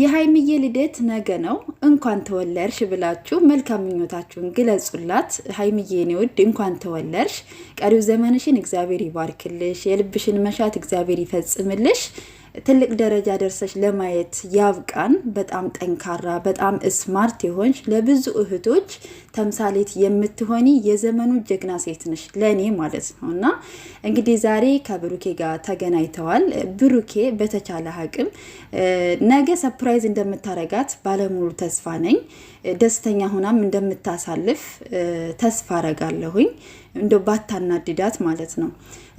የሀይሚዬ ልደት ነገ ነው። እንኳን ተወለርሽ ብላችሁ መልካም ምኞታችሁን ግለጹላት። ሀይሚዬ የኔ ውድ እንኳን ተወለርሽ ቀሪው ዘመንሽን እግዚአብሔር ይባርክልሽ፣ የልብሽን መሻት እግዚአብሔር ይፈጽምልሽ፣ ትልቅ ደረጃ ደርሰሽ ለማየት ያብቃን። በጣም ጠንካራ፣ በጣም ስማርት የሆንሽ ለብዙ እህቶች ተምሳሌት የምትሆኒ የዘመኑ ጀግና ሴት ነሽ ለእኔ ማለት ነው። እና እንግዲህ ዛሬ ከብሩኬ ጋር ተገናኝተዋል። ብሩኬ በተቻለ አቅም ነገ ሰፕራይዝ እንደምታረጋት ባለሙሉ ተስፋ ነኝ። ደስተኛ ሆናም እንደምታሳልፍ ተስፋ አረጋለሁኝ። እንደ ባታናድዳት ማለት ነው።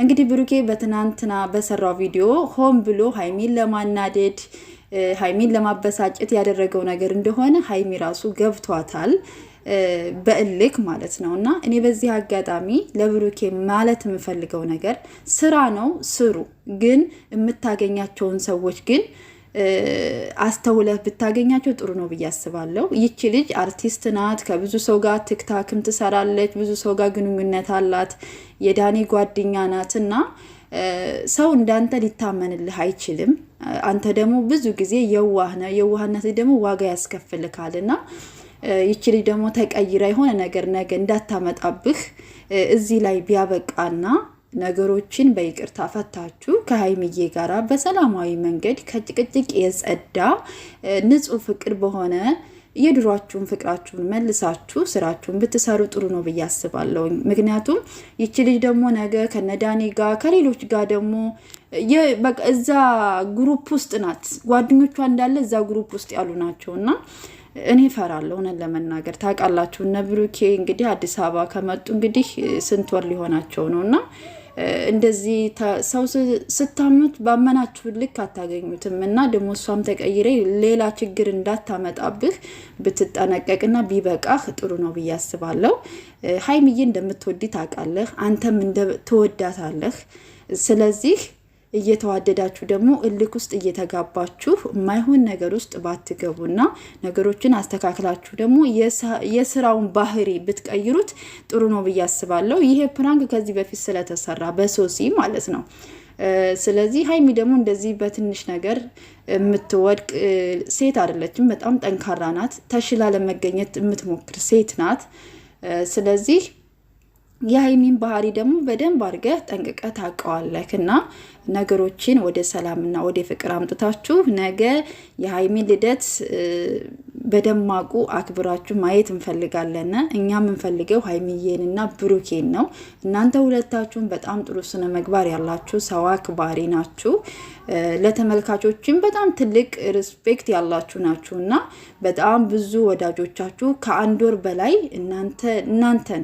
እንግዲህ ብሩኬ በትናንትና በሰራው ቪዲዮ ሆን ብሎ ሀይሚን ለማናደድ ሀይሚን ለማበሳጨት ያደረገው ነገር እንደሆነ ሀይሚ ራሱ ገብቷታል። በእልክ ማለት ነው። እና እኔ በዚህ አጋጣሚ ለብሩኬ ማለት የምፈልገው ነገር ስራ ነው፣ ስሩ። ግን የምታገኛቸውን ሰዎች ግን አስተውለህ ብታገኛቸው ጥሩ ነው ብዬ አስባለሁ። ይቺ ልጅ አርቲስት ናት። ከብዙ ሰው ጋር ትክታክም ትሰራለች። ብዙ ሰው ጋር ግንኙነት አላት። የዳኒ ጓደኛ ናት እና ሰው እንዳንተ ሊታመንልህ አይችልም። አንተ ደግሞ ብዙ ጊዜ የዋህ ነህ። የዋህነት ደግሞ ዋጋ ያስከፍልካል እና ይቺ ልጅ ደግሞ ተቀይራ የሆነ ነገር ነገ እንዳታመጣብህ እዚህ ላይ ቢያበቃና ነገሮችን በይቅርታ ፈታችሁ ከሀይሚዬ ጋራ በሰላማዊ መንገድ ከጭቅጭቅ የጸዳ ንጹሕ ፍቅር በሆነ የድሯችሁን ፍቅራችሁን መልሳችሁ ስራችሁን ብትሰሩ ጥሩ ነው ብዬ አስባለሁ። ምክንያቱም ይቺ ልጅ ደግሞ ነገ ከነዳኔ ጋር ከሌሎች ጋር ደግሞ እዛ ግሩፕ ውስጥ ናት፣ ጓደኞቿ እንዳለ እዛ ግሩፕ ውስጥ ያሉ ናቸው እና እኔ ፈራለሁ። እውነት ለመናገር ታውቃላችሁ፣ እነ ብሩኬ እንግዲህ አዲስ አበባ ከመጡ እንግዲህ ስንት ወር ሊሆናቸው ነው እና እንደዚህ ሰው ስታምኑት ባመናችሁ ልክ አታገኙትም። እና ደግሞ እሷም ተቀይሬ ሌላ ችግር እንዳታመጣብህ ብትጠነቀቅና ቢበቃህ ጥሩ ነው ብዬ አስባለሁ። ሀይምዬ እንደምትወዲ ታውቃለህ፣ አንተም እንደተወዳታለህ። ስለዚህ እየተዋደዳችሁ ደግሞ እልክ ውስጥ እየተጋባችሁ የማይሆን ነገር ውስጥ ባትገቡና ነገሮችን አስተካክላችሁ ደግሞ የስራውን ባህሪ ብትቀይሩት ጥሩ ነው ብዬ አስባለሁ። ይሄ ፕራንክ ከዚህ በፊት ስለተሰራ በሶሲ ማለት ነው። ስለዚህ ሀይሚ ደግሞ እንደዚህ በትንሽ ነገር የምትወድቅ ሴት አይደለችም። በጣም ጠንካራ ናት። ተሽላ ለመገኘት የምትሞክር ሴት ናት። ስለዚህ የሀይሚን ባህሪ ደግሞ በደንብ አድርገህ ጠንቅቀህ ታውቀዋለህ እና ነገሮችን ወደ ሰላምና ወደ ፍቅር አምጥታችሁ ነገ የሀይሚን ልደት በደማቁ አክብራችሁ ማየት እንፈልጋለን። እኛ የምንፈልገው ሀይሚዬንና ብሩኬን ነው። እናንተ ሁለታችሁን በጣም ጥሩ ስነ መግባር ያላችሁ ሰው አክባሪ ናችሁ። ለተመልካቾችም በጣም ትልቅ ሪስፔክት ያላችሁ ናችሁ እና በጣም ብዙ ወዳጆቻችሁ ከአንድ ወር በላይ እናንተ እናንተን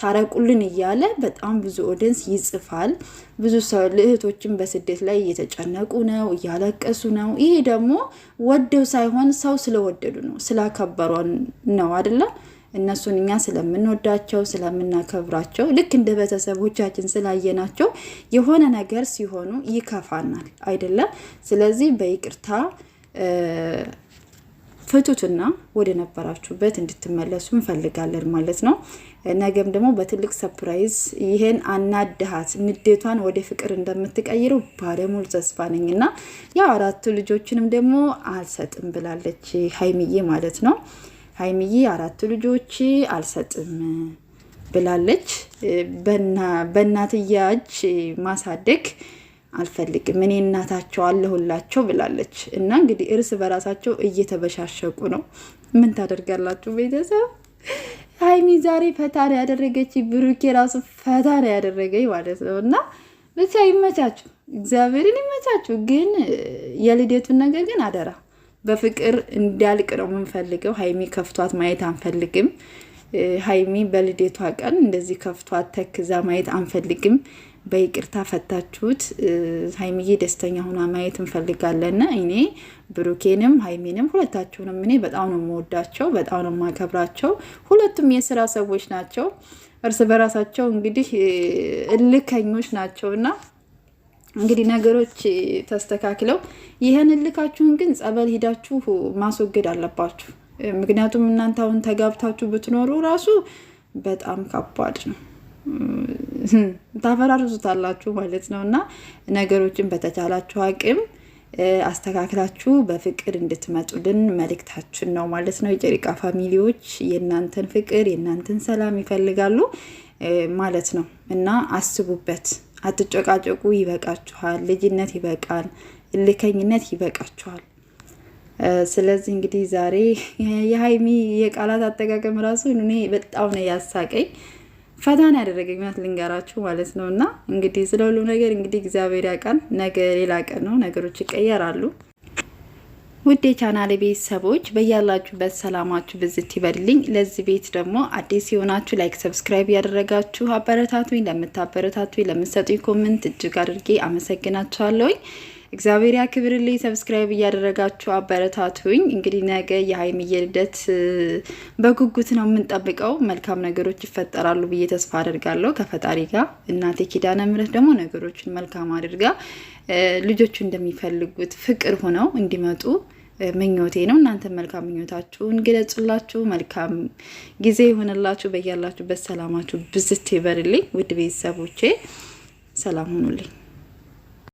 ታረቁልን እያለ በጣም ብዙ ኦዲንስ ይጽፋል። ብዙ ሰው እህቶችን በስደት ላይ እየተጨነቁ ነው፣ እያለቀሱ ነው። ይሄ ደግሞ ወደው ሳይሆን ሰው ስለወደዱ ነው፣ ስላከበሯን ነው አይደለም እነሱን እኛ ስለምንወዳቸው ስለምናከብራቸው ልክ እንደ ቤተሰቦቻችን ስላየናቸው የሆነ ነገር ሲሆኑ ይከፋናል አይደለም። ስለዚህ በይቅርታ ፍቱትና ወደ ነበራችሁበት እንድትመለሱ እንፈልጋለን ማለት ነው። ነገም ደግሞ በትልቅ ሰፕራይዝ ይህን አናድሃት ንዴቷን ወደ ፍቅር እንደምትቀይረው ባለሙሉ ተስፋ ነኝ እና ያው አራቱ ልጆችንም ደግሞ አልሰጥም ብላለች ሀይሚዬ ማለት ነው። ሀይሚዬ አራቱ ልጆች አልሰጥም ብላለች። በእናትያ እጅ ማሳደግ አልፈልግም እኔ እናታቸው አለሁላቸው ብላለች። እና እንግዲህ እርስ በራሳቸው እየተበሻሸቁ ነው። ምን ታደርጋላችሁ ቤተሰብ? ሀይሚ ዛሬ ፈታ ነው ያደረገች፣ ብሩኬ ራሱ ፈታ ነው ያደረገኝ ማለት ነው። እና ብቻ ይመቻችሁ፣ እግዚአብሔርን ይመቻችሁ። ግን የልደቱን ነገር ግን አደራ በፍቅር እንዲያልቅ ነው የምንፈልገው። ሀይሚ ከፍቷት ማየት አንፈልግም። ሀይሚ በልደቷ ቀን እንደዚህ ከፍቷት ተክዛ ማየት አንፈልግም። በይቅርታ ፈታችሁት። ሀይሚዬ ደስተኛ ሆና ማየት እንፈልጋለን። እኔ ብሩኬንም ሀይሚንም ሁለታችሁንም እኔ በጣም ነው የምወዳቸው፣ በጣም ነው የማከብራቸው። ሁለቱም የስራ ሰዎች ናቸው። እርስ በራሳቸው እንግዲህ እልከኞች ናቸው እና እንግዲህ ነገሮች ተስተካክለው ይህን እልካችሁን ግን ጸበል ሂዳችሁ ማስወገድ አለባችሁ። ምክንያቱም እናንተ አሁን ተጋብታችሁ ብትኖሩ ራሱ በጣም ከባድ ነው። ታፈራርዙታላችሁ ማለት ነው እና ነገሮችን በተቻላችሁ አቅም አስተካክላችሁ በፍቅር እንድትመጡልን መልእክታችን ነው ማለት ነው። የጨሪቃ ፋሚሊዎች የእናንተን ፍቅር የእናንተን ሰላም ይፈልጋሉ ማለት ነው እና አስቡበት። አትጨቃጨቁ፣ ይበቃችኋል። ልጅነት ይበቃል፣ እልከኝነት ይበቃችኋል። ስለዚህ እንግዲህ ዛሬ የሀይሚ የቃላት አጠቃቀም ራሱ እኔ በጣም ነው ያሳቀኝ። ፈታን ያደረገኝ ምክንያት ልንገራችሁ ማለት ነው። እና እንግዲህ ስለ ሁሉ ነገር እንግዲህ እግዚአብሔር ያውቃል። ነገ ሌላ ቀን ነው፣ ነገሮች ይቀየራሉ። ውድ የቻናል ቤተሰቦች በያላችሁበት ሰላማችሁ ብዝት ይበልልኝ። ለዚህ ቤት ደግሞ አዲስ የሆናችሁ ላይክ፣ ሰብስክራይብ ያደረጋችሁ አበረታቱኝ። ለምታበረታቱኝ፣ ለምሰጡኝ ኮመንት እጅግ አድርጌ አመሰግናችኋለሁኝ። እግዚአብሔር ያክብርልኝ። ሰብስክራይብ እያደረጋችሁ አበረታቱኝ። እንግዲህ ነገ የሀይሚዬ ልደት በጉጉት ነው የምንጠብቀው። መልካም ነገሮች ይፈጠራሉ ብዬ ተስፋ አደርጋለሁ ከፈጣሪ ጋር። እናቴ ኪዳነ ምሕረት ደግሞ ነገሮችን መልካም አድርጋ ልጆቹ እንደሚፈልጉት ፍቅር ሆነው እንዲመጡ ምኞቴ ነው። እናንተ መልካም ምኞታችሁን ግለጹላችሁ። መልካም ጊዜ ይሆንላችሁ። በያላችሁበት ሰላማችሁ ብዝት ይበርልኝ። ውድ ቤተሰቦቼ ሰላም ሆኑልኝ።